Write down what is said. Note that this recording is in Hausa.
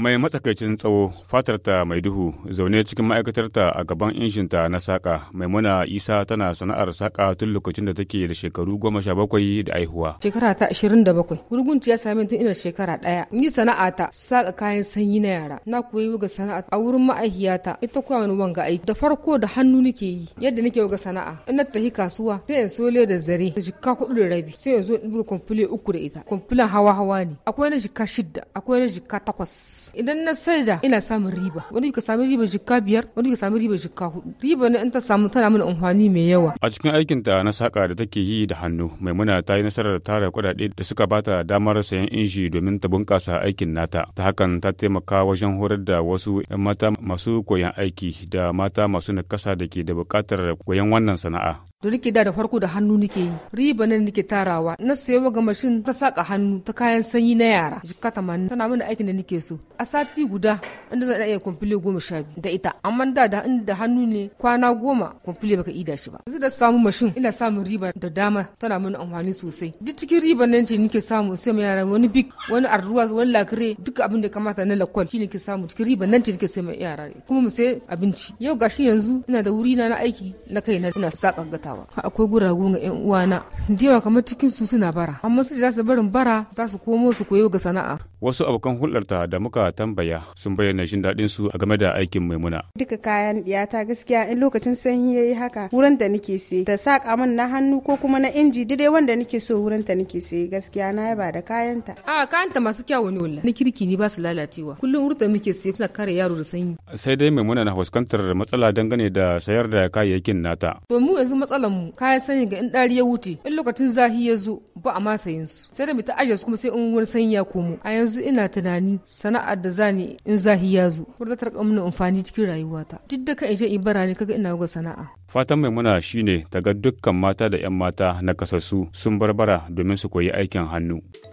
mai matsakaicin tsawo fatarta mai duhu zaune cikin ma'aikatarta a gaban ta na saƙa maimuna isa tana sana'ar saƙa tun lokacin da take da shekaru goma sha bakwai da aihuwa shekara ta ashirin da bakwai gurgunci ya sami tun ina shekara ɗaya ni sana'a ta saƙa kayan sanyi na yara na koyi buga sana'a a wurin ma'aikiyata ita kuma wani wanga aiki da farko da hannu nake yi yadda nake buga sana'a ina na tafi kasuwa sai in so da zare da jikka kuɗi da rabi sai in zo in buga kwamfule uku da ita kwamfulen hawa hawa ne akwai na jikka shidda akwai na jikka takwas idan na saida ina samun riba wani ka samu riba jikka biyar wani ka samu riba jikka hudu riba ne in ta samu tana mana amfani mai yawa a cikin aikin ta na saka da take yi da hannu maimuna ta yi nasarar tara kuɗaɗe da suka bata damar sayan inji domin ta bunkasa aikin nata ta hakan ta taimaka wajen horar da wasu 'yan mata masu koyan aiki da mata masu nakasa da ke da bukatar koyon wannan sana'a da nake da da farko da hannu nike yi riba nan nike tarawa na sayo ga mashin ta saka hannu ta kayan sanyi na yara jikka tamanin tana mana aikin da nike so a sati guda inda zan iya kumfile goma sha biyu da ita amma da da inda hannu ne kwana goma kumfile baka ida shi ba yanzu da samu mashin ina samun riba da dama tana mana amfani sosai duk cikin riba nan ce nike samu sai mai yara wani big wani arruwa wani lakire duk abin da kamata na lakwal shi nike samu cikin riba nan ce nike sai mai yara kuma mu sai abinci yau gashi yanzu ina da wuri na na aiki na kai na ina saka gata aikatawa akwai guragu ga yan uwana da yawa kamar cikin su suna bara amma su da su barin bara za su komo su koyo ga sana'a wasu abokan hulɗarta da muka tambaya sun bayyana jin daɗin su a game da aikin maimuna duka kayan ɗiyata gaskiya in lokacin sanyi yayi haka wurin da nake se da saka min na hannu ko kuma na inji dai wanda nake so wurin ta nake sai gaskiya na yaba da kayanta a kayanta masu kyau ne wallahi na kirki ni ba su lalacewa kullum wurin da muke se suna kare yaro da sanyi sai dai maimuna na fuskantar matsala dangane da sayar da kayayyakin nata to mu yanzu matsala matsalar mu kayan sanyi ga in dari ya wuce in lokacin zahi ya zo ba a ma sayin su sai da mu ta ajiye su kuma sai in wani sanyi ya komo a yanzu ina tunani sana'ar da zani in zahi ya zo za ta rika mana amfani cikin rayuwata duk da kan in je in bara ne kaga ina ga sana'a fatan maimuna shine ta ga dukkan mata da 'yan mata na kasassu sun barbara domin su koyi aikin hannu.